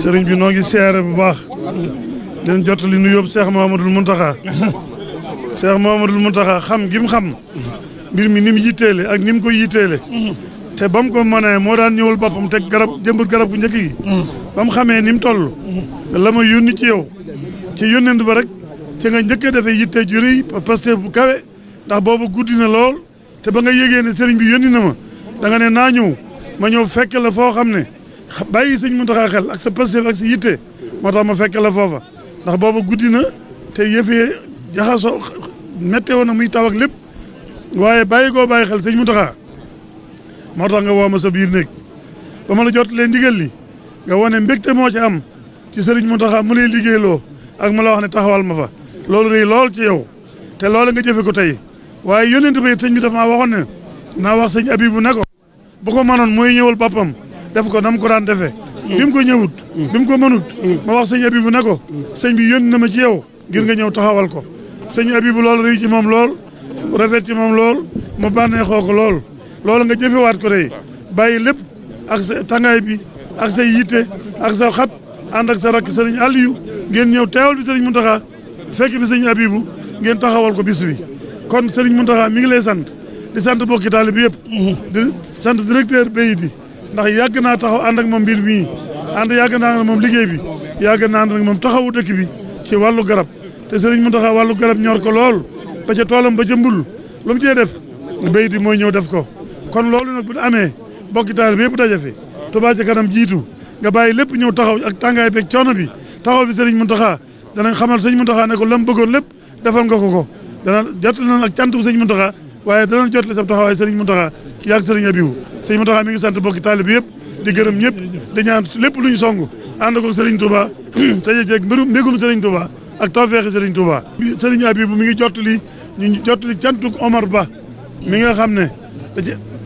sëriñ bi noo ngi siyaare bu baax di leen jottali nuyoo bu Cheikh Mouhamadoul Mountakha Cheikh Mouhamadoul Mountakha xam gim xam mbir mi ni yitteele ak ni koy ko yitteele te ba ko mënee moo daan ñëwul boppam te garab jëmbat garab bu njëkk gi ba mu xamee ni mu toll la yónni ci yow ci yónnent ba rek ci nga njëkkee dafay yitte ju rëy bu kawe ndax boobu guddi na lool te ba nga yégee ne sëriñ bi yónni na ma da ne naa ñëw ma ñëw fekk la foo xam ne bàyyi sëñ Muntaxa xel ak sa pastéef ak sa yitte moo tax ma fekk la foofa ndax booba guddi na te yëfee jaxasoo météo na muy taw ak lépp waaye bàyyi koo bàyyi xel sëñ Muntaxa moo tax nga woo ma sa biir néeg ba ma la jot leen ndigal li nga wane mbégte moo ci am ci sëriñ Muntaxa mu lay liggéeyloo ak ma la wax ne taxawal ma fa loolu rëy lool ci yow te loolu nga jëfe ko tey waaye yónnent ba sëñ bi dafa maa waxoon ne naa wax sëñ Abibu ne ko bu ko manoon mooy ñëwal boppam def ko nam ko daan defee bi mu ko ñëwut bi mu ko mënut ma wax sëñ Abibu ne ko sëñ bi yónni na ma ci yow ngir nga ñëw taxawal ko sëñ Abibu lool rëy ci moom lool rafet ci moom lool mu bànneexoo ko lool loolu nga jëfewaat ko tey bàyyi lépp ak sa tàngaay bi ak sa yitte ak sa xat ànd ak sa rakk sëriñ Aliou ngeen ñëw teewal bi sëriñ Muntaxa fekk bi sëñ Abibu ngeen taxawal ko bis bi kon sëriñ Mountakha mi ngi lay sant di sant bokki taalibe yëpp di sant directeur BID ndax yàgg naa taxaw ànd ak moom mbir mii ànd yàgg naa moom liggéey bi yàgg naa ànd ak moom taxawu dëkk bi ci wàllu garab te sëriñ taxa wàllu garab ñor ko lool ba ca toolam ba ca mbul lu mu cee def BID mooy ñëw def ko kon loolu nag bu ñu amee bokki taalibe yëpp daje fi Touba ca kanam jiitu nga bàyyi lépp ñëw taxaw ak tàngaay beeg coono bi taxaw bi sëriñ Mountakha danañ xamal sëriñ Mountakha ne ko lam bëggoon lépp defal nga ko ko dana jot na nag cantu sëñ Muntaxa waaye dana jot la sa taxawaay sëriñ Muntaxa yàgg sëriñ Abibu sëñ Muntaxa mi ngi sant bokki taalib yëpp di gërëm ñëpp di ñaan lépp lu ñu song ànd ko sëriñ Touba taje jeeg mbirum mbégum sëriñ Touba ak tawfeexi sëriñ Touba sëriñ Abibu mu ngi jottali ñu jottali cantuk Omar Ba mi nga xam ne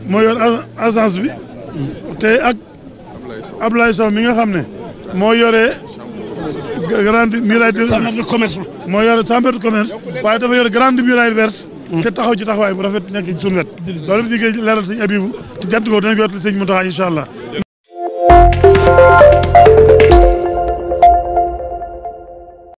moo yor agence bi te ak Ablaye Sow mi nga xam ne moo yore grande muraille de. chambre de commerce la. de commerce waaye dafa yore grande muraille verte. taxaw ci bu rafet nekk ci suñu wet. loolu yëpp ñu Abibu te jant boobu dinañ ko yottal sëñ Mountakha incha